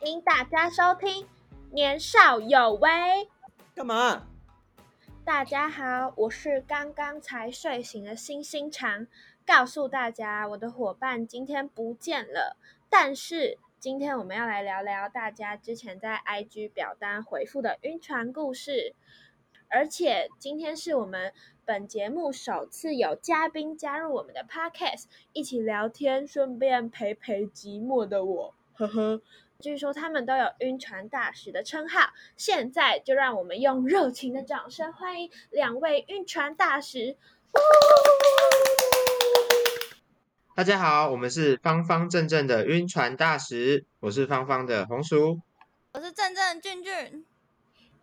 歡迎大家收聽《年少有為》。幹嘛？大家好，我是剛剛才睡醒的鑫鑫腸，告訴大家我的夥伴今天不見了。但是今天我們要來聊聊大家之前在 IG 表單回復的暈船故事，而且今天是我們本節目首次有嘉賓加入我們的 Podcast，一起聊天，順便陪陪寂寞的我，呵呵。據說他們都有“暈船大使”的稱號。現在就讓我們用熱情的掌聲歡迎兩位暈船大使！大家好，我們是方方正正的暈船大使，我是方方的紅薯，我是正正的俊俊。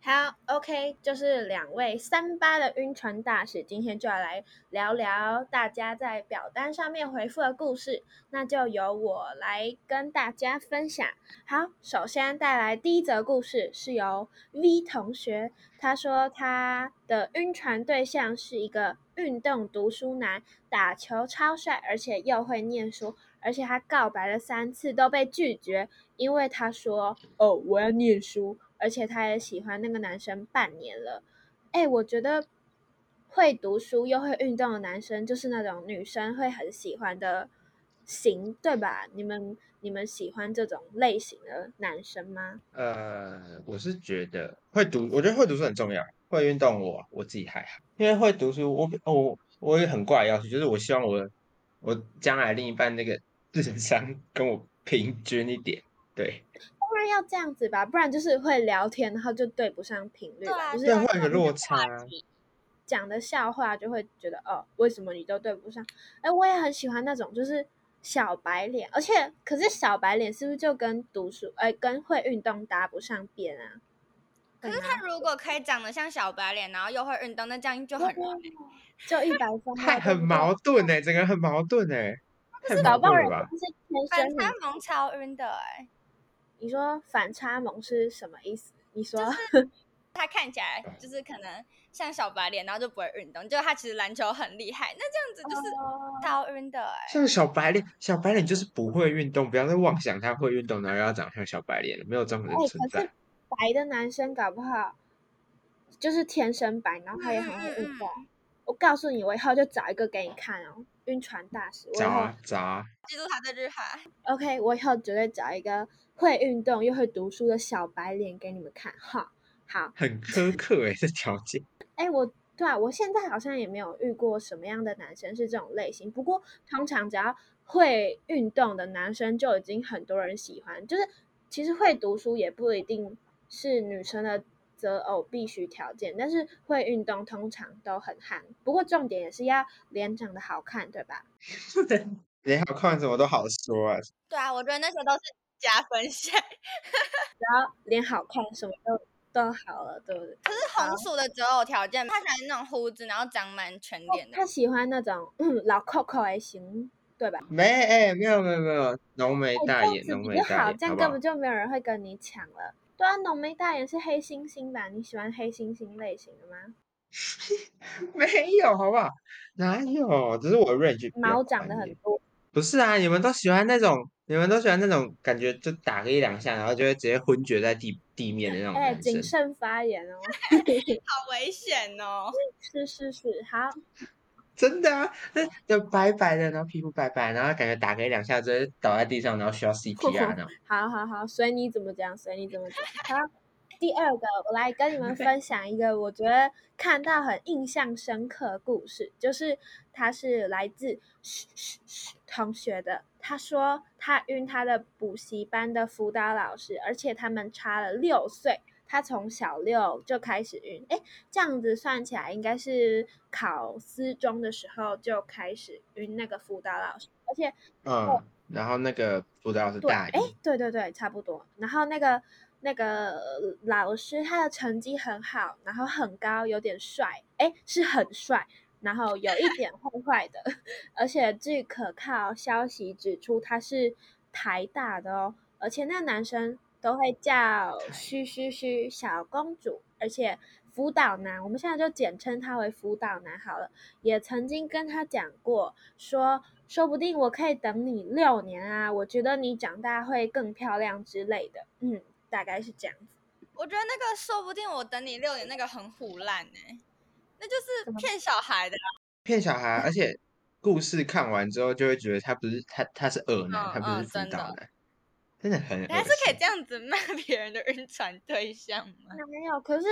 好，OK，就是兩位三八的暈船大使，今天就要來聊聊大家在表單上面回復的故事。那就由我來跟大家分享。好，首先帶來第一則故事，是由 V 同學，他說他的暈船對象是一個運動讀書男，打球超帥，而且又會念書，而且他告白了三次都被拒絕，因為他說：“哦，我要念書。”而且他也喜歡那個男生半年了，哎，我覺得會讀書又會運動的男生就是那種女生會很喜歡的型，對吧？你們你們喜歡這種類型的男生嗎？呃，我是覺得會讀，我覺得會讀書很重要。會運動我，我我自己還好，因為會讀書，我我我也很怪要求，就是我希望我我將來另一半那個智商跟我平均一點，對。不然要這樣子吧，不然就是會聊天，然後就對不上頻率了，對啊、就是另外一個落差。講的笑話就會覺得哦，為什麼你都對不上？哎、欸，我也很喜歡那種就是小白臉，而且可是小白臉是不是就跟讀書，哎、欸，跟會運動搭不上邊啊？可，可是他如果可以長得像小白臉，然後又會運動，那這樣就很容易，就一百分太很矛盾呢、欸， 整個人很矛盾呢、欸，很矛盾吧？可是搞不好人反差萌超暈的、欸，哎。你說反差萌是什麼意思？你說他看起來就是可能像小白臉，然後就不會運動，就是、嗯、他其實籃球很厲害。那這樣子就是超暈的哎。像小白臉，小白臉就是不會運動，不要再妄想他會運動，然後要長相小白臉了，沒有這樣的存在、哎。可是白的男生搞不好就是天生白，然後他也好很會運動。嗯、我告訴你，我以後就找一個給你看哦，暈船大使。找啊找啊。記住他的日牌。OK，我以後絕對找一個。會運動又會讀書的小白臉給你們看，哈，好，很苛刻耶 這條件，哎、欸，我對啊，我現在好像也沒有遇過什麼樣的男生是這種類型。不過通常只要會運動的男生就已經很多人喜歡，就是其實會讀書也不一定是女生的擇偶必須條件，但是會運動通常都很憨。不過重點也是要臉長得好看，對吧？對，臉好看什麼都好說啊。對啊，我覺得那些都是。加分項， 然後臉好看，什麼都都好了，對不對？可是紅薯的擇偶條件怕、哦，他喜歡那種鬍子，然後長滿全臉的。他喜歡那種老酷酷還行，對吧？沒哎、欸，沒有沒有沒有，濃眉大眼，有、哎、好，這樣好好根本就沒有人會跟你搶了。對啊，濃眉大眼是黑猩猩吧？你喜歡黑猩猩類型的嗎？ 沒有，好不好？哪有？只是我 range 毛長得很多。不是啊，你們都喜歡那種。你們都喜歡那種感覺，就打個一兩下，然後就會直接昏厥在地地面的那種男生。哎，謹慎發言哦， 好危險哦！是是是，好，真的啊，那白白的，然後皮膚白白，然後感覺打個一兩下直接倒在地上，然後需要 CPR 呢。好好好，隨你怎麼講，隨你怎麼講。好，第二個，我來跟你們分享一個我覺得看到很印象深刻的故事，就是他是來自噓噓噓同學的。他說他暈他的補習班的輔導老師，而且他們差了六歲。他從小六就開始暈，哎，這樣子算起來應該是考私中的時候就開始暈那個輔導老師，而且，嗯，然後那個輔導老師大，哎，對對對，差不多。然後那個那個老師他的成績很好，然後很高，有點帥，哎，是很帥。 然後有一點壞壞的，而且據可靠消息指出，他是台大的哦，而且那男生都會叫噓噓噓小公主，而且輔導男，我們現在就簡稱他為輔導男好了。也曾經跟他講過說，說說不定我可以等你六年啊，我覺得你長大會更漂亮之類的，嗯，大概是這樣子。我覺得那個說不定我等你六年那個很唬爛誒、欸就是騙小孩的，啊，騙小孩，而且故事看完之後就會覺得他不是他，他是惡男，哦，他不是主，嗯、的，真的很。還是可以這樣子罵別人的暈船對象嗎？沒有，可是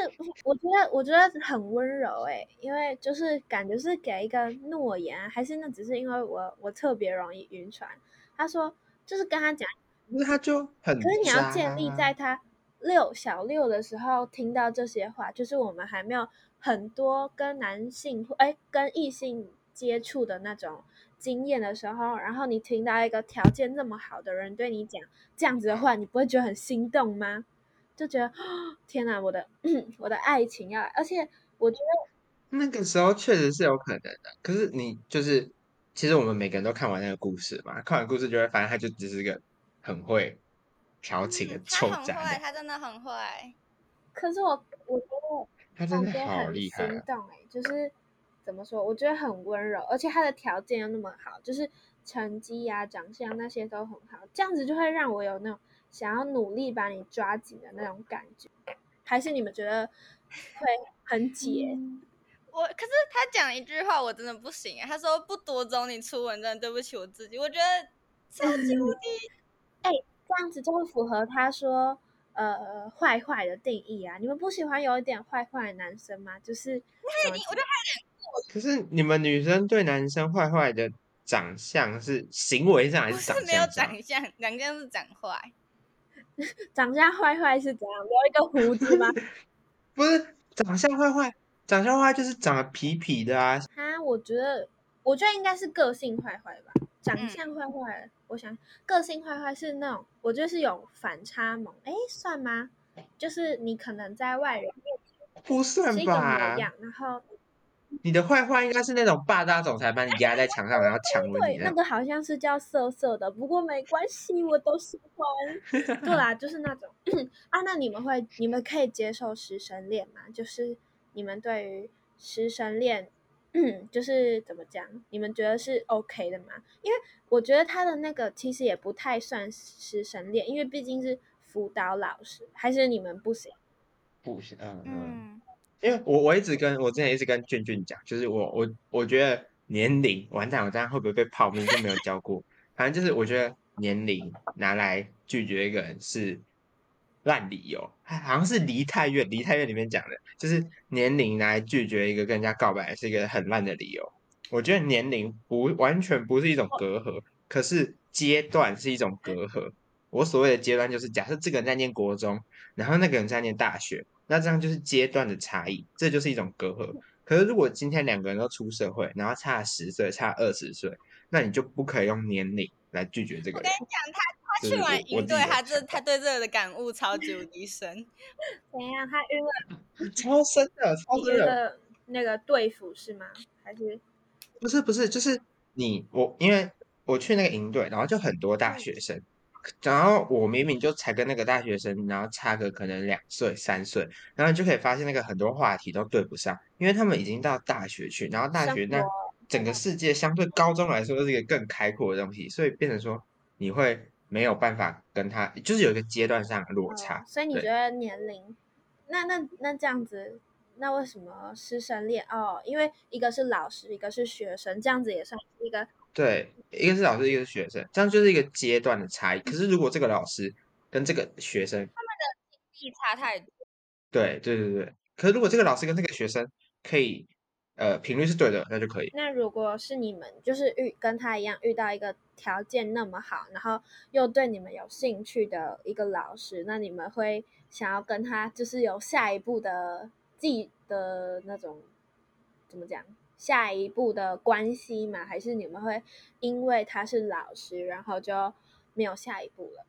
我覺得我覺得很溫柔哎，欸，因為就是感覺是給一個諾言，還是那只是因為我我特別容易暈船。他說就是跟他講，那他就很。可是你要建立在他六小六的時候聽到這些話，就是我們還沒有。很多跟男性，哎，跟異性接觸的那種經驗的時候，然後你聽到一個條件那麼好的人對你講這樣子的話，你不會覺得很心動嗎？就覺得天哪，我的我的愛情要來……而且我覺得那個時候確實是有可能的。可是你就是，其實我們每個人都看完那個故事嘛，看完故事就會發現他就只是一個很會調情的臭渣、嗯。他很壞。他真的很壞。可是我，我覺得。他真的好心動哎、欸，就是怎麼說？我覺得很溫柔，而且他的條件又那麼好，就是成績呀、啊、長相那些都很好，這樣子就會讓我有那種想要努力把你抓緊的那種感覺。 還是你們覺得會很解。 嗯、我可是他講一句話我真的不行、啊，他說不奪走你初吻真的對不起我自己，我覺得超級無敵。哎、嗯欸，這樣子就會符合他說。呃，壞壞的定義啊，你們不喜歡有一點壞壞的男生嗎？就是，我覺得可是你們女生對男生壞壞的長相是行為上還是長相？不是沒有長相，長相是長壞， 長相壞壞是怎樣？留一個鬍子嗎？ 不是，長相壞壞，長相壞就是長得痞痞的啊。啊，我覺得，我覺得應該是個性壞壞吧。長相壞壞，壞壞嗯、我想個性壞壞是那種，我覺得是有反差萌，哎、欸，算嗎？就是你可能在外人面前，不算吧。是一個模樣然後你的壞壞應該是那種霸道總裁把你壓在牆上，然後強吻你對。那個好像是叫色色的，不過沒關係，我都喜歡。 對啦、啊，就是那種啊，那你們會，你們可以接受師生戀嗎？就是你們對於師生戀。嗯、就是怎麼講？你們覺得是 OK 的嗎？因為我覺得他的那個其實也不太算是師生戀，因為畢竟是輔導老師，還是你們不行，不行。嗯，嗯，嗯，因為我我一直跟我之前一直跟俊俊講，就是我我我覺得年齡，完蛋，我這樣會不會被泡麵？就 沒有教過，反正就是我覺得年齡拿來拒絕一個人是。爛理由，好像是《梨泰院》《梨泰院》裡面講的，就是年齡來拒絕一個跟人家告白，是一個很爛的理由。我覺得年齡不完全不是一種隔閡，可是階段是一種隔閡。我所謂的階段，就是假設這個人在念國中，然後那個人在念大學，那這樣就是階段的差異，這就是一種隔閡。可是如果今天兩個人都出社會，然後差十歲、差二十歲，那你就不可以用年齡來拒絕這個人。我跟你講，他去完營隊，他這他對這裡的感悟超級無敵深。怎樣？ 他暈了。超深的，超深的。那個隊輔，是嗎？還是？不是不是，就是你我，因為我去那個營隊，然後就很多大學生。嗯、然後我明明就才跟那個大學生，然後差個可能兩歲三歲，然後你就可以發現那個很多話題都對不上，因為他們已經到大學去，然後大學那活整個世界相對高中來說是一個更開闊的東西，所以變成說你會。沒有辦法跟他，就是有一個階段上的落差。哦，所以你覺得年齡，對那那那這樣子，那為什麼師生戀？哦，因為一個是老師，一個是學生，這樣子也算是一個，對，一個是老師，一個是學生，這樣就是一個階段的差異。可是如果這個老師跟這個學生，他們的經歷差太多，對對對對，可是如果這個老師跟這個學生可以。呃，頻率是對的，那就可以。那如果是你們就是遇跟他一樣遇到一個條件那麼好，然後又對你們有興趣的一個老師，那你們會想要跟他就是有下一步的繼的那種怎麼講？下一步的關係嘛？還是你們會因為他是老師，然後就沒有下一步了？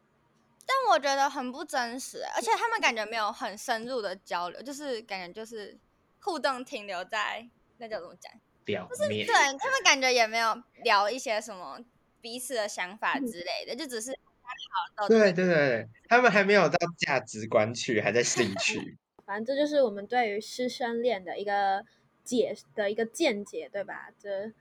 但我覺得很不真實，而且他們感覺沒有很深入的交流，就是感覺就是互動停留在。那叫怎麼講？就面是對他們感覺也沒有聊一些什麼彼此的想法之類的，嗯、就只是、啊、對對對，他們還沒有到價值觀去，還在興趣。 反正這就是我們對於師生戀的一個解的一個見解，對吧？這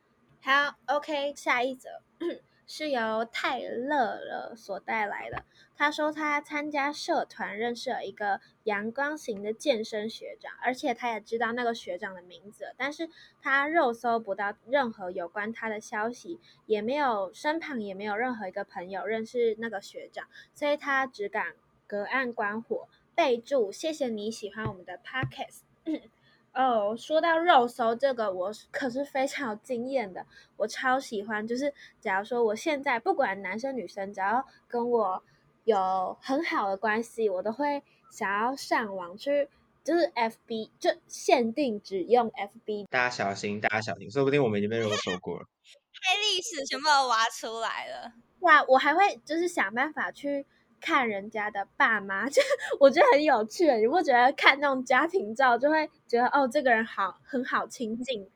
好，OK，下一則。 是由泰勒了所帶來的。他說他參加社團認識了一個陽光型的健身學長，而且他也知道那個學長的名字，但是他肉搜不到任何有關他的消息，也沒有身旁也沒有任何一個朋友認識那個學長，所以他只敢隔岸觀火。備注：謝謝你喜歡我們的 Podcast。哦，說到肉搜這個，我可是非常有經驗的。我超喜歡，就是假如說我現在不管男生女生，只要跟我有很好的關係，我都會想要上網去，就是 FB，就限定只用 FB。大家小心，大家小心，說不定我們已經被肉搜過了。黑、 哎、歷史全部都挖出來了。哇，我還會就是想辦法去。看人家的爸媽，就我覺得很有趣。你不覺得看那種家庭照，就會覺得哦，這個人好，很好親近。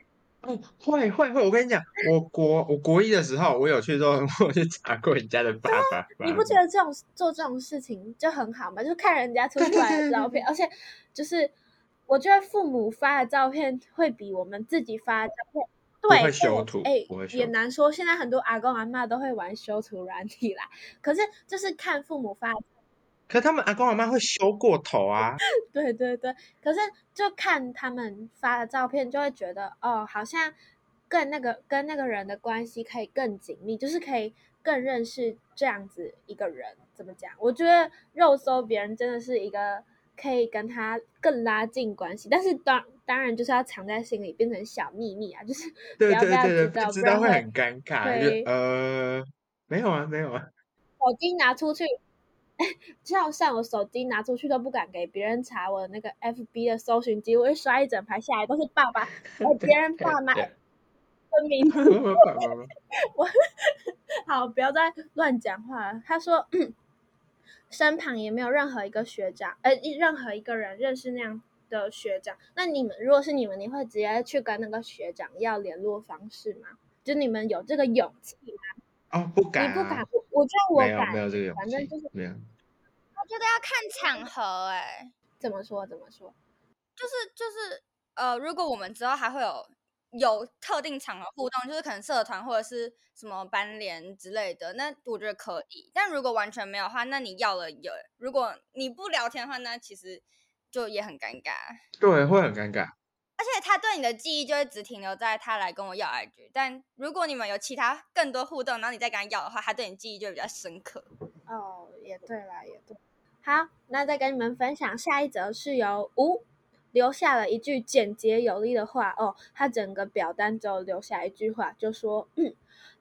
嗯、會會會，我跟你講， 我國我國一的時候，我有去之我去查過人家的爸爸。嗯、爸媽。你不覺得這種做這種事情就很好嗎？就看人家出出來的照片， 而且就是我覺得父母發的照片會比我們自己發的照片。對，修圖。哎，也難說。現在很多阿公阿嬤都會玩修圖軟體啦，可是就是看父母發，可他們阿公阿嬤會修過頭啊 對。對對對，可是就看他們發的照片，就會覺得哦，好像跟那個跟那個人的關係可以更緊密，就是可以更認識這樣子一個人。怎麼講？我覺得肉搜別人真的是一個。可以跟他更拉近關係，但是當當然就是要藏在心裡，變成小祕密啊，對對對對就是不要被他知道，不然會很尷尬啊。對，呃，沒有啊，沒有啊。手機拿出去，就好像我手機拿出去都不敢給別人查我那個 FB 的搜尋機，我會刷一整排下來都是爸爸，而 對別人爸，爸媽分明。 爸爸媽媽我好不要再亂講話了，他說。 身旁也沒有任何一個學長，呃，任何一個人認識那樣的學長。那你們如果是你們，你會直接去跟那個學長要聯絡方式嗎？就你們有這個勇氣嗎？哦，不敢啊，你不敢。我，我覺得我敢，沒有這個勇氣。反正就是沒有。我覺得要看場合，哎有，怎麼說怎麼說？就是就是，呃，如果我們之後還會有。有特定場合互動，就是可能社團或者是什麼班聯之類的，那我覺得可以。但如果完全沒有的話，那你要了有，如果你不聊天的話，那其實就也很尷尬。對，會很尷尬。而且他對你的記憶就會只停留在他來跟我要 IG。但如果你們有其他更多互動，然後你再跟他要的話，他對你記憶就會比較深刻。哦，也對啦，也對。好，那再跟你們分享下一則，是由無留下了一句簡潔有力的話哦，他整個表單只有留下一句話，就說、嗯：“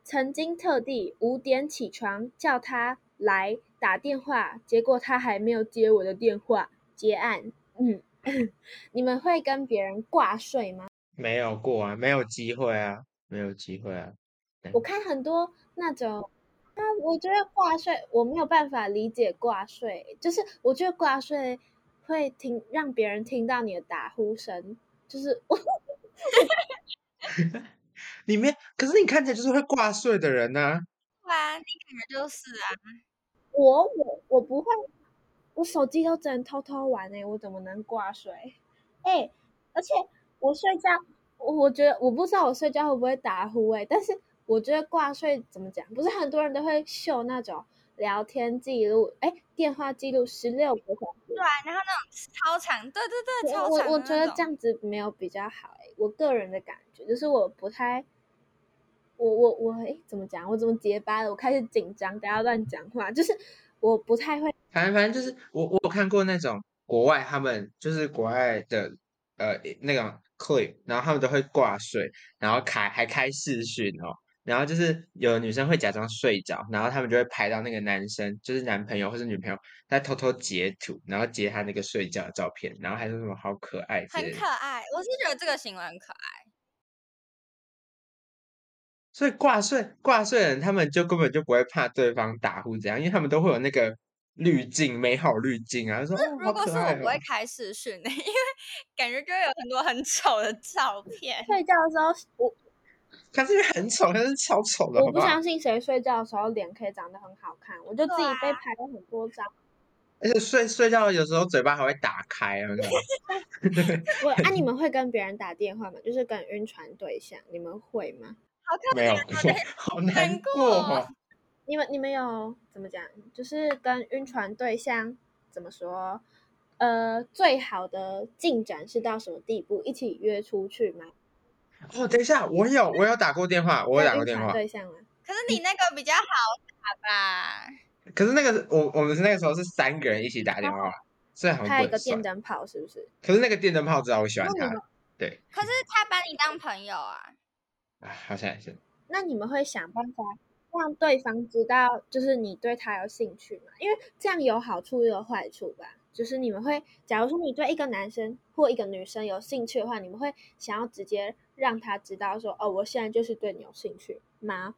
曾經特地五點起床叫他來打電話，結果他還沒有接我的電話。”結案、嗯嗯。你們會跟別人掛睡嗎？沒有過啊，沒有機會啊，沒有機會啊。我看很多那種，啊，我覺得掛睡，我沒有辦法理解掛睡，就是我覺得掛睡。會聽讓別人聽到你的打呼聲，就是我裡面。可是你看起來就是會掛睡的人呢？啊？啊，你可能就是啊。我我我不會，我手機都只能偷偷玩誒、欸、我怎麼能掛睡？哎、欸，而且我睡覺，我覺得我不知道我睡覺會不會打呼哎、欸，但是我覺得掛睡怎麼講？不是很多人都會秀那種。聊天記錄，哎，電話記錄十六個，對，然後那種超長，對對對，超長那種。我我覺得這樣子沒有比較好誒，我個人的感覺就是我不太，我我我，哎，怎麼講？我怎麼結巴了？我開始緊張，不要亂講話，就是我不太會。反正反正就是，我我有看過那種國外，他們就是國外的呃那種 clip，然後他們都會掛睡，然後開還開視訊哦。然後就是有女生會假裝睡着，然後他們就會拍到那個男生，就是男朋友或是女朋友在偷偷截圖，然後截他那個睡覺的照片，然後還說什麼好可愛，很可愛。我是覺得這個行為很可愛。所以掛睡掛睡的人，他們就根本就不會怕對方打呼這樣，因為他們都會有那個濾鏡，美好濾鏡啊。然後說如果是我不會開視訊誒，嗯，因為感覺就會有很多很醜的照片。睡覺的時候我。他是很醜，他是超醜的，好不好？我不相信誰睡覺的時候臉可以長得很好看，我就自己被拍了很多張。啊，而且睡睡覺有時候嘴巴還會打開，我啊，你們會跟別人打電話嗎？就是跟暈船對象，你們會嗎？好看嗎？有沒好難過。你們你們有怎麼講？就是跟暈船對象怎麼說？呃，最好的進展是到什麼地步？一起約出去嗎？哦，等一下，我有是我有打過電話，我有打過電話。對象？可是你那個比較好打吧？嗯、可是那個我我們那個時候是三個人一起打電話，是他，他還有一個電燈泡是不是？可是那個電燈泡知道我喜歡他，對。可是他把你當朋友啊？啊好像是。那你們會想辦法讓對方知道，就是你對他有興趣嗎？因為這樣有好處也有壞處吧？就是你們會，假如說你對一個男生或一個女生有興趣的話，你們會想要直接。讓他知道說哦，我現在就是對你有興趣嗎？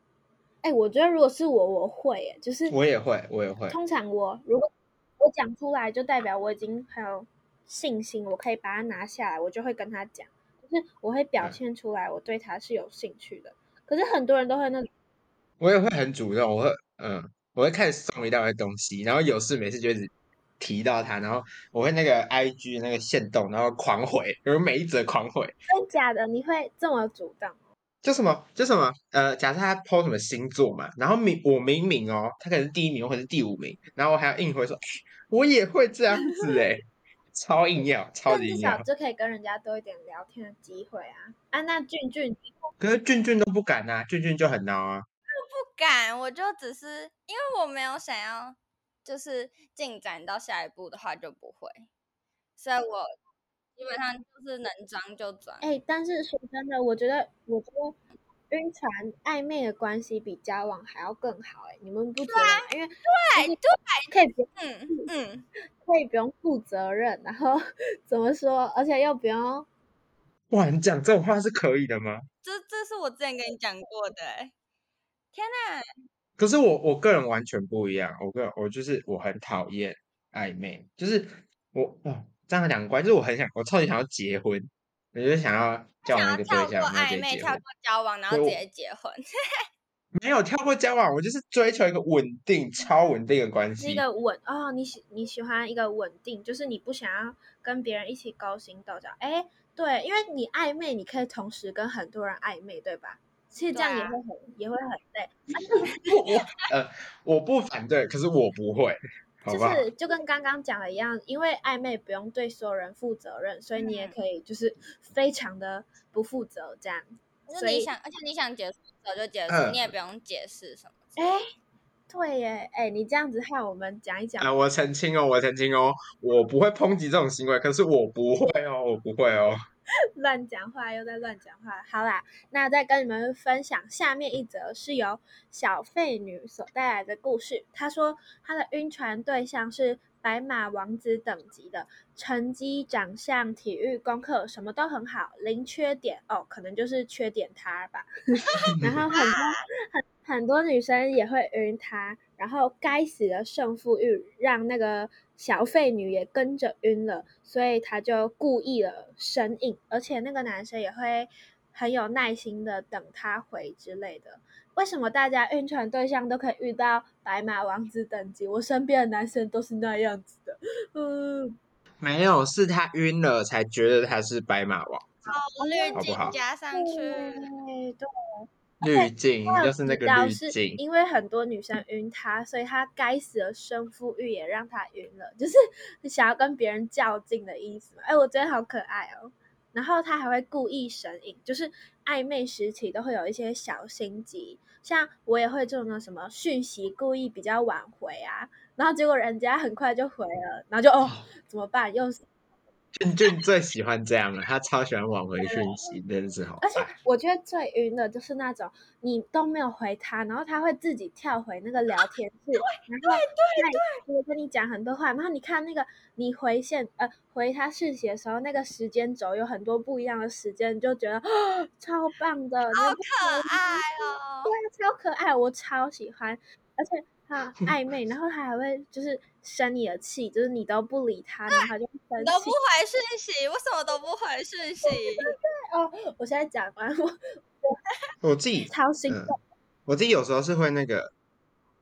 哎，我覺得如果是我，我會，就是我也會，我也會。通常我如果我講出來，就代表我已經很有信心，我可以把它拿下來，我就會跟他講，就是我會表現出來我對他是有興趣的。嗯，可是很多人都會那個，我也會很主動，我會嗯，我會開始送一大堆東西，然後有事沒事就一直，提到他，然後我會那個 IG 那個限動，然後狂回，比如每一則狂回，真假的，你會這麼主動哦？就什麼就什麼，呃，假設他 po 什麼星座嘛，然後明我明明哦，他可能是第一名或者是第五名，然後我還要硬回說，我也會這樣子哎， 超硬要，超級硬要，至少就可以跟人家多一點聊天的機會啊。啊，那俊俊，可是俊俊都不敢啊，俊俊就很孬啊，我不敢，我就只是因為我沒有想要。就是進展到下一步的話就不會，所以我基本上就是能裝就裝。哎、欸，但是說真的，我覺得我覺得暈船曖昧的關係比交往還要更好、欸。哎，你們不覺得嗎？對因為對對，可以不用嗯嗯，可以不用負責任，然後怎麼說？而且又不用哇！你講這種話是可以的嗎？這這是我之前跟你講過的、欸。天吶、啊！可是我我個人完全不一樣，我個人我就是我很討厭曖昧，就是我、哦、這樣的兩個關係，就是我很想我超級想要結婚，我就想要交往一個我想要跳過曖昧，跳過交往，然後直接結婚。 沒有跳過交往，我就是追求一個穩定、超穩定的關係。那個穩哦，你喜你喜歡一個穩定，就是你不想要跟別人一起勾心鬥角。哎，對，因為你曖昧，你可以同時跟很多人曖昧，對吧？其實這樣也會很對，啊、也會很累。不， 我呃，我不反對，可是我不會。就是好好就跟剛剛講的一樣，因為曖昧不用對所有人負責任，所以你也可以就是非常的不負責任這樣。嗯、所以你想，而且你想結束就結束，嗯、你也不用解釋什麼。哎、呃，對耶、欸，你這樣子害我們講一講，呃。我澄清哦、喔，我澄清哦、喔，我不會抨擊這種行為，可是我不會哦、喔，我不會哦、喔。亂講話，又在亂講話。好啦，那再跟你們分享下面一則，是由小廢女所帶來的故事。她說她的暈船對象是白馬王子等級的，成績、長相、體育、功課什麼都很好，零缺點哦，可能就是缺點她吧。然後很多很很多女生也會暈他。然後，該死的勝負慾讓那個小廢女也跟着暈了，所以他就故意了神隱，而且那個男生也會很有耐心的等他回之類的。為什麼大家暈船對象都可以遇到白馬王子等級？我身邊的男生都是那樣子的，嗯，沒有，是他暈了才覺得他是白馬王子，好，好不好？濾鏡加上去，嗯、對。濾鏡就是那個濾是因為很多女生暈他，所以他該死的勝負慾也讓他暈了，就是想要跟別人較勁的意思。嘛，哎，我覺得好可愛哦。然後他還會故意神隱，就是曖昧時期都會有一些小心機，像我也會這那的什麼訊息故意比較晚回啊，然後結果人家很快就回了，然後就哦怎麼辦又。就你就最喜歡這樣了，他超喜歡挽回訊息，真的是好。而且我覺得最暈的就是那種你都沒有回他，然後他會自己跳回那個聊天室，啊、對，然後我跟你講很多話，然後你看那個你回線呃回他訊息的時候，那個時間軸有很多不一樣的時間，你就覺得哦，超棒的，好可愛哦，對，超可愛，我超喜歡，而且他、啊、曖昧，然後他還會就是。 生你的氣，就是你都不理他，然後他就生氣。都不回訊息，為什麼都不回訊息？哦，我現在講完我我自己超辛苦。我自己有時候是會那個，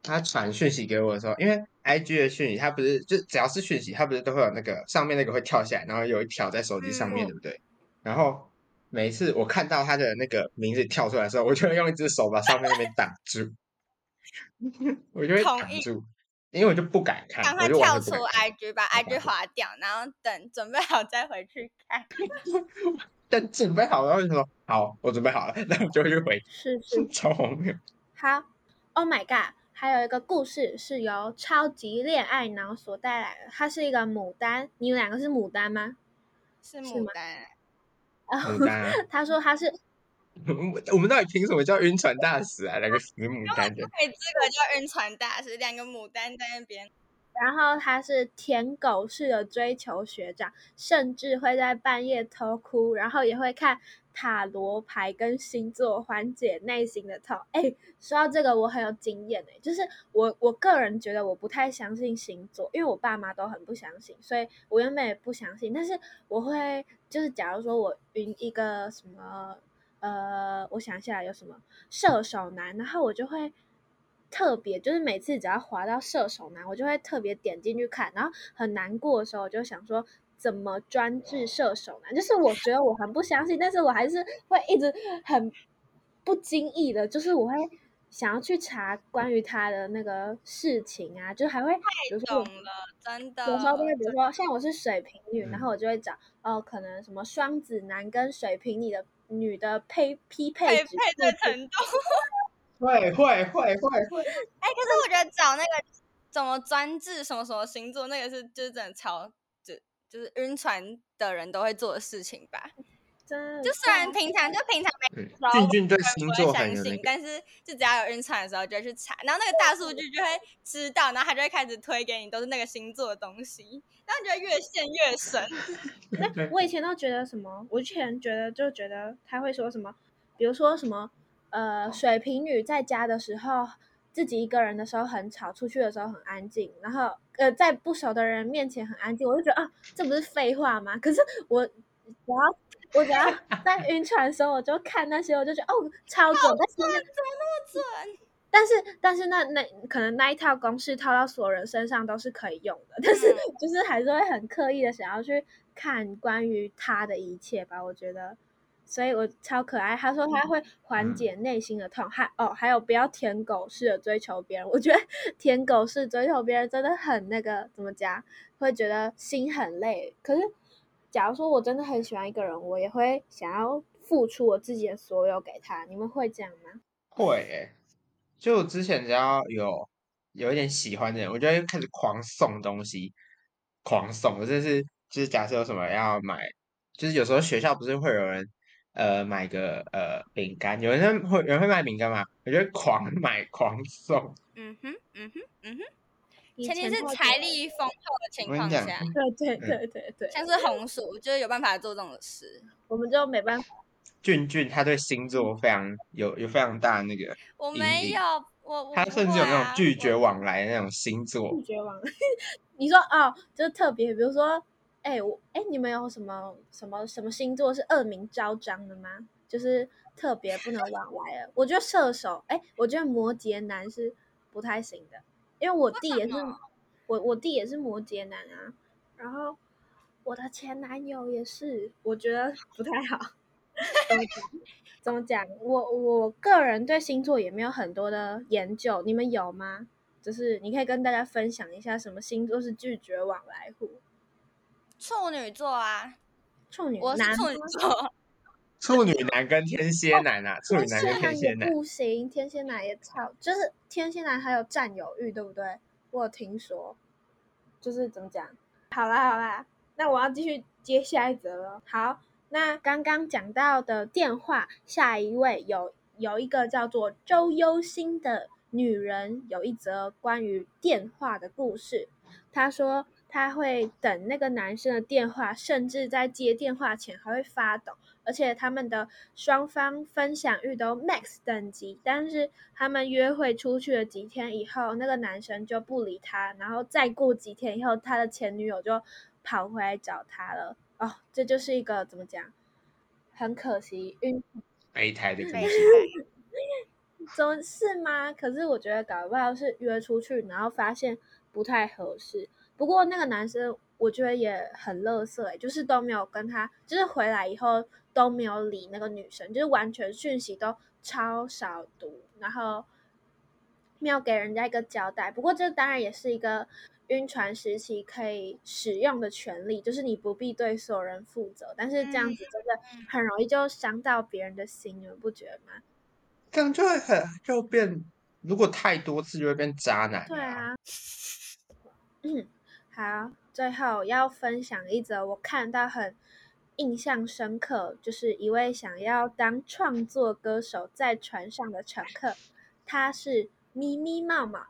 他傳訊息給我的時候，因為 I G 的訊息，他不是就只要是訊息，他不是都會有那個上面那個會跳下來，然後有一條在手機上面，嗯、對不對？然後每一次我看到他的那個名字跳出來的時候，我就會用一隻手把上面那邊擋住， 我就會擋住。因為我就不敢看，趕快跳出 IG，把 IG 劃掉，oh, 然後等準備好再回去看。 等準備好了，為什麼？好，我準備好了，那我就去回去。是是，聰明。好，Oh my God！還有一個故事是由超級戀愛腦所帶來的，它是一個牡丹。你們兩個是牡丹嗎？是牡丹。是嗎？牡丹。 他說他是。 我們到底憑什麼叫暈船大使啊？啊兩個牡丹的，我們沒資格叫暈船大使。兩個牡丹在那邊，然後他是舔狗式的追求學長，甚至會在半夜偷哭，然後也會看塔羅牌跟星座，緩解內心的痛。哎，說到這個，我很有經驗哎，就是我我個人覺得我不太相信星座，因為我爸媽都很不相信，所以我原本也不相信。但是我會就是，假如說我暈一個什麼。呃，我想一下有什麼射手男，然後我就會特別，就是每次只要滑到射手男，我就會特別點進去看，然後很難過的時候，我就想說怎麼專治射手男，哦、就是我覺得我很不相信， 但是我還是會一直很不經意的，就是我會想要去查關於他的那個事情啊，就還會，太懂了，真的，有時候會比如說像我是水瓶女，嗯、然後我就會找哦，可能什麼雙子男跟水瓶女的。女的配匹配配配的程度，會會會會會。哎，可是我覺得找那個怎麼專治什麼什麼星座，那個是就是真的超，就就是暈船的人都會做的事情吧。這 就雖然平常對就平常沒，俊俊對，會會對的星座很信，那個，但是就只要有暈船的時候就會去查，然後那個大數據就會知道，對然後他就會開始推給你都是那個星座的東西，然後覺得越陷越深。對 那我以前都覺得什麼，我以前覺得就覺得他會說什麼，比如說什麼呃，水瓶女在家的時候自己一個人的時候很吵，出去的時候很安靜，然後呃，在不熟的人面前很安靜，我就覺得啊，這不是廢話嗎？可是我只要。 我只要在暈船的時候，我就看那些，我就覺得哦，超準！好準，那，怎麼那麼準？但是，但是那那可能那一套公式套到所有人身上都是可以用的，但是就是還是會很刻意的想要去看關於他的一切吧。我覺得，所以我超可愛。他說他會緩解內心的痛，還、嗯、哦，還有不要舔狗式的追求別人。我覺得舔狗式追求別人真的很那個怎麼講？會覺得心很累。可是。假如說我真的很喜歡一個人，我也會想要付出我自己的所有給他。你們會這樣嗎？會、欸，就之前只要有有一點喜歡的人，我就會開始狂送東西，狂送。我就是就是假設有什麼要買，就是有時候學校不是會有人呃買個呃餅乾，有人會有人會買餅乾嗎？我就會狂買狂送。嗯哼，嗯哼，嗯哼。前提是財力豐厚的情況下，對對對對對，像是紅薯，就有辦法做這種事，我們就沒辦法。俊俊他對星座非常有有非常大的那個，我沒有我、我、啊、他甚至有那種拒絕往來的那種星座。拒絕往來，啊、你說哦，就是特別，比如說，哎、欸、我哎、欸、你們有什麼什麼什麼星座是惡名昭彰的嗎？就是特別不能往來的，我覺得射手，哎、欸，我覺得摩羯男是不太行的。因為我弟也是，我我弟也是摩羯男啊。然後我的前男友也是，我覺得不太好。 怎麼講？我我個人對星座也沒有很多的研究，你們有嗎？就是你可以跟大家分享一下，什麼星座是拒絕往來戶？處女座啊，處女男。我是處女座。處女男跟天蠍男啊，哦、處女男跟天蠍男不行，天蠍男也差，也就是天蠍男還有占有欲，對不對？我聽說，就是怎麼講？好啦，好啦，那我要繼續接下一則了。好，那剛剛講到的電話，下一位有有一個叫做周憂心的女人，有一則關於電話的故事。她說她會等那個男生的電話，甚至在接電話前還會發抖。而且他們的雙方分享欲都 max 等級，但是他們約會出去了幾天以後，那個男生就不理他，然後再過幾天以後，他的前女友就跑回來找他了。哦，這就是一個怎麼講，很可惜，暈，備胎的這覺，總 是嗎？可是我覺得搞不好是約出去，然後發現不太合適。不過那個男生我覺得也很樂色哎，就是都沒有跟他，就是回來以後都沒有理那個女生，就是完全訊息都超少讀，然後沒有給人家一個交代。不過這當然也是一個暈船時期可以使用的權利，就是你不必對所有人負責。但是這樣子真的很容易就傷到別人的心，你們不覺得嗎？這樣就會很就變，如果太多次就會變渣男啊。對啊，嗯。好，最後要分享一則我看到很印象深刻，就是一位想要當創作歌手在船上的乘客，他是咪咪帽帽，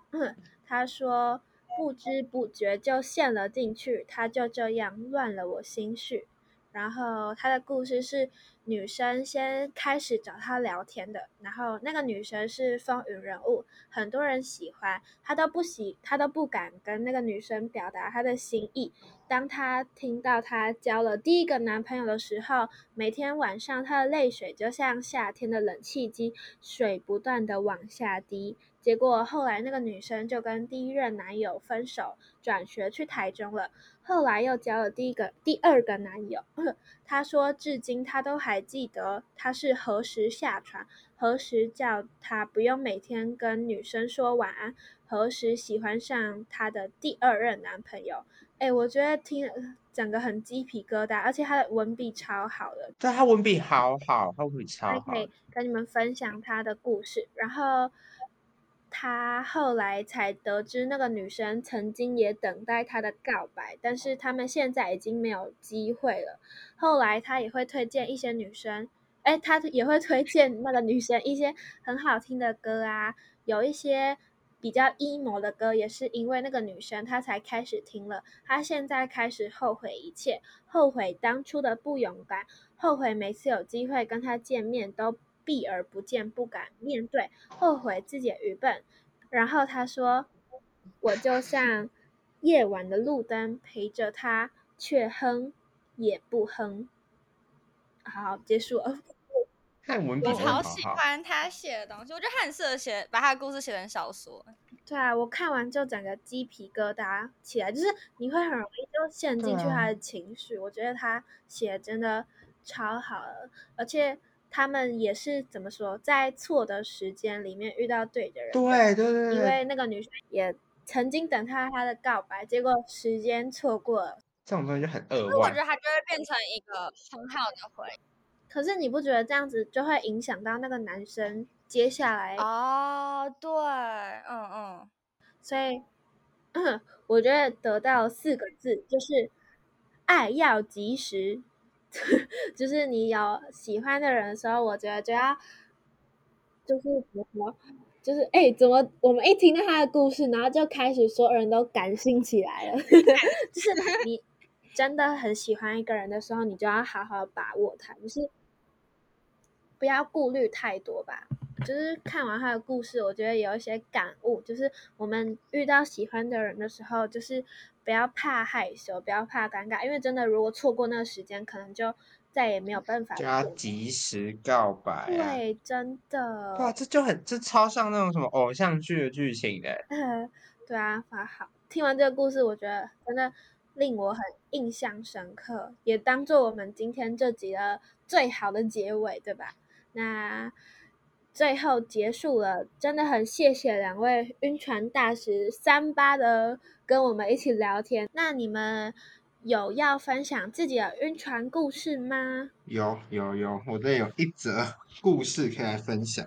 他、嗯、說，不知不覺就陷了進去，他就這樣亂了我心緒。然後他的故事是，女生先開始找他聊天的，然後那個女生是風雲人物，很多人喜歡，他都不喜，他都不敢跟那個女生表達他的心意。當他聽到他交了第一個男朋友的時候，每天晚上他的淚水就像夏天的冷氣機，水不斷的往下滴。結果後來那個女生就跟第一任男友分手，轉學去台中了。後來又交了第一個第二個男友，他說至今他都還。還記得他是何時下船，何時叫他不用每天跟女生說晚安，何時喜歡上他的第二任男朋友？哎，我覺得聽整個很雞皮疙瘩，而且他的文筆超好的，對他文筆好好，他文筆超好，可以跟你們分享他的故事，然後。他後來才得知，那個女生曾經也等待他的告白，但是他們現在已經沒有機會了。後來他也會推薦一些女生，哎，他也會推薦那個女生一些很好聽的歌啊，有一些比較 emo 的歌，也是因為那個女生，他才開始聽了。他現在開始後悔一切，後悔當初的不勇敢，後悔每次有機會跟他見面都。避而不見，不敢面對，後悔自己的愚笨。然後他說：“我就像夜晚的路燈，陪着他，卻哼也不哼。”好，結束了。漢文好，我超喜歡他寫的東西，我覺得他很適合寫，把他的故事寫成小說。對啊，我看完就整個雞皮疙瘩起來，就是你會很容易就陷進去他的情緒。啊，我覺得他寫真的超好，而且。他們也是怎麼說，在錯的時間裡面遇到對的人。對，對對對。因為那個女生也曾經等他他的告白，結果時間錯過了。這種東西就很噁心，我覺得他就會變成一個很好的回憶。可是你不覺得這樣子就會影響到那個男生接下來？哦，oh, 對，嗯嗯。所以，我覺得得到四個字就是，愛要及時。 就是你有喜歡的人的時候，我覺得就要就是、就是欸、怎麼，就是哎，怎麼我們一聽到他的故事，然後就開始所有人都感性起來了， 就是你真的很喜歡一個人的時候，你就要好好把握他，不、就是不要顧慮太多吧？就是看完他的故事，我覺得有一些感悟，就是我們遇到喜歡的人的時候，就是。.不要怕害羞，不要怕尷尬，因為真的，如果錯過那個時間，可能就再也沒有辦法。就要及時告白，啊。對，真的。哇，這就很，這超像那種什麼偶像劇的劇情的。嗯、對啊，好。聽完這個故事，我覺得真的令我很印象深刻，也當做我們今天這集的最好的結尾，對吧？那。最後結束了，真的很謝謝兩位暈船大使三八的跟我們一起聊天。那你們有要分享自己的暈船故事嗎？有有有，我這有一則故事可以來分享。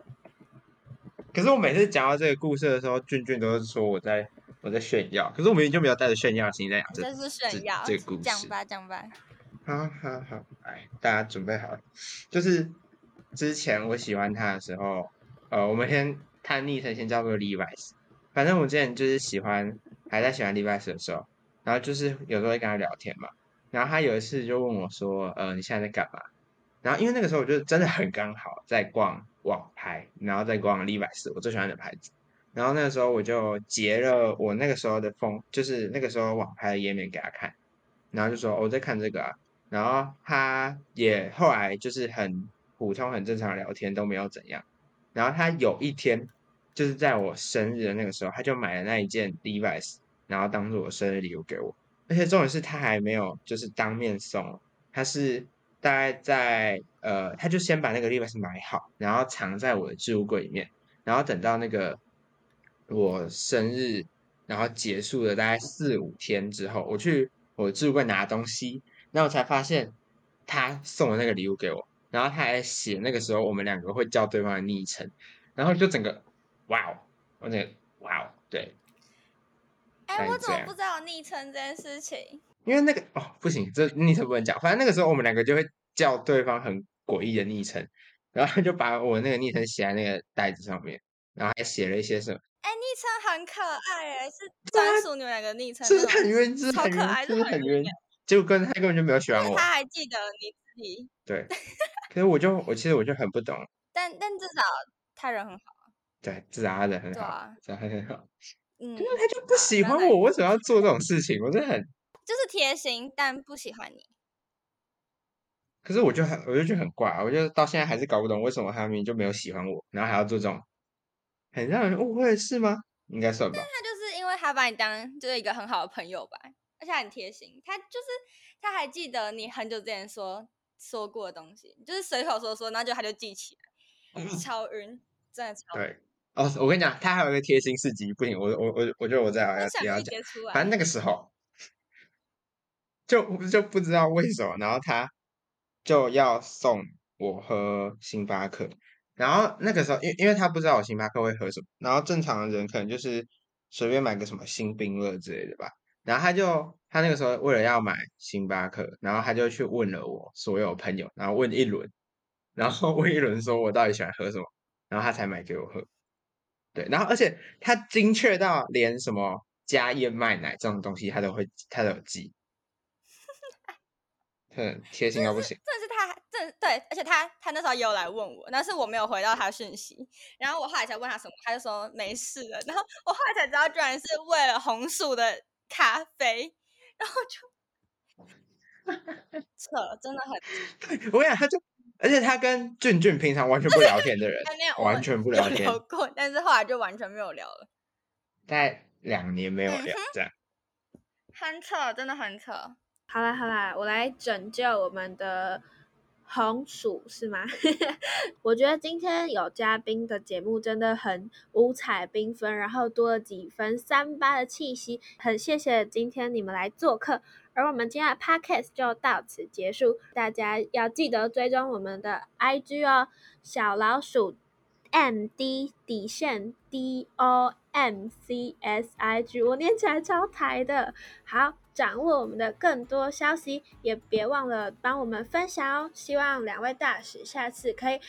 可是我每次講到這個故事的時候，俊俊都是說我在我在炫耀。可是我們就沒有帶着炫耀的心在講，這是炫耀這，這，這故事，講吧講吧。講吧，好好好，來，大家準備好了，就是。之前我喜歡他的時候，呃，我們先他昵稱先叫做 Levi's。反正我之前就是喜歡，還在喜歡李 i s 的時候，然後就是有時候會跟他聊天嘛。然後他有一次就問我說：“呃，你現在在幹嘛？”然後因為那個時候我就真的很剛好在逛網拍，然後在逛李 i s 我最喜歡的牌子。然後那個時候我就截了我那個時候的風，就是那個時候網拍的頁面給他看，然後就說，哦，我在看這個啊。然後他也後來就是很。普通很正常的聊天都沒有怎樣。然後他有一天，就是在我生日的那個時候，他就買了那一件 device，然後當做我生日禮物給我。而且重點是他還沒有就是當面送，他是大概在呃，他就先把那個 device 買好，然後藏在我的置物櫃裡面。然後等到那個我生日，然後結束了大概四五天之後，我去我的置物櫃拿東西，然後我才發現他送的那個禮物給我。然後他還寫那個時候我們兩個會叫對方的昵稱，然後就整個哇哦，我整個哇哦，對。哎、欸，我怎麼不知道昵稱這件事情？因為那個哦，不行，這昵稱不能講。反正那個時候我們兩個就會叫對方很詭異的昵稱，然後就把我那個昵稱寫在那個袋子上面，然後還寫了一些什麼？哎、欸，昵稱很可愛耶，是專屬你們兩個昵稱、啊種，是很暈，很可愛，是很暈。就跟他根本就沒有喜歡我，他還記得你自己。對， 可是我就我其實我就很不懂。但但至少他人很好。對，至少他人很好，啊、至少他很好。嗯，那他就不喜歡我，嗯、我為什麼要做這種事情？我真的很就是貼心，但不喜歡你。可是我就很，我就覺得很怪、啊、我就到現在還是搞不懂，為什麼他明明就沒有喜歡我，然後還要做這種很讓人誤會的事嗎？應該算吧。他就是因為他把你當就是一個很好的朋友吧。而且很貼心，他就是他還記得你很久之前說說過的東西，就是隨口說說，然後就他就記起來，超暈，嗯、真的超暈、對、哦。我跟你講，他還有一個貼心事跡，不行，我我我我覺得我再要、嗯、要再要講。反正那個時候就就不知道為什麼，然後他就要送我喝星巴克，然後那個時候因為因為他不知道我星巴克會喝什麼，然後正常的人可能就是隨便買個什麼星冰樂之類的吧。然後他就他那個時候為了要買星巴克，然後他就去問了我所有朋友，然後問一輪，然後問一輪說我到底喜歡喝什麼，然後他才買給我喝。對，然後而且他精確到連什麼加燕麥奶這種東西他都會，他都有記， 很貼心到不行。真的是，是他，這對，而且他他那時候也有來問我，但是我沒有回到他訊息。然後我後來才問他什麼，他就說沒事了。然後我後來才知道，居然是為了紅薯的。咖啡，然後就 扯了，真的很。我跟你講，他就而且他跟俊俊平常完全不聊天的人，完全不聊天我聊，但是後來就完全沒有聊了，大概兩年沒有聊，嗯、哼這樣。很扯，真的很扯。好啦好啦，我來拯救我們的。紅薯是嗎？ 我覺得今天有嘉賓的節目真的很五彩繽紛，然後多了幾分三八的氣息。很謝謝今天你們來做客，而我們今天的 podcast 就到此結束。大家要記得追蹤我們的 IG 哦，小老鼠 M D 底線 D O M C S I G，我念起來超台的。好。掌握我們的更多消息，也別忘了幫我們分享哦。希望兩位大使下次可以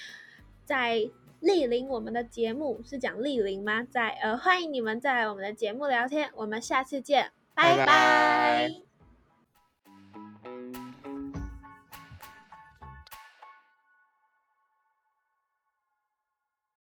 再蒞臨我們的節目，是講蒞臨嗎？在呃，歡迎你們再來我們的節目聊天。我們下次見，拜拜。拜拜。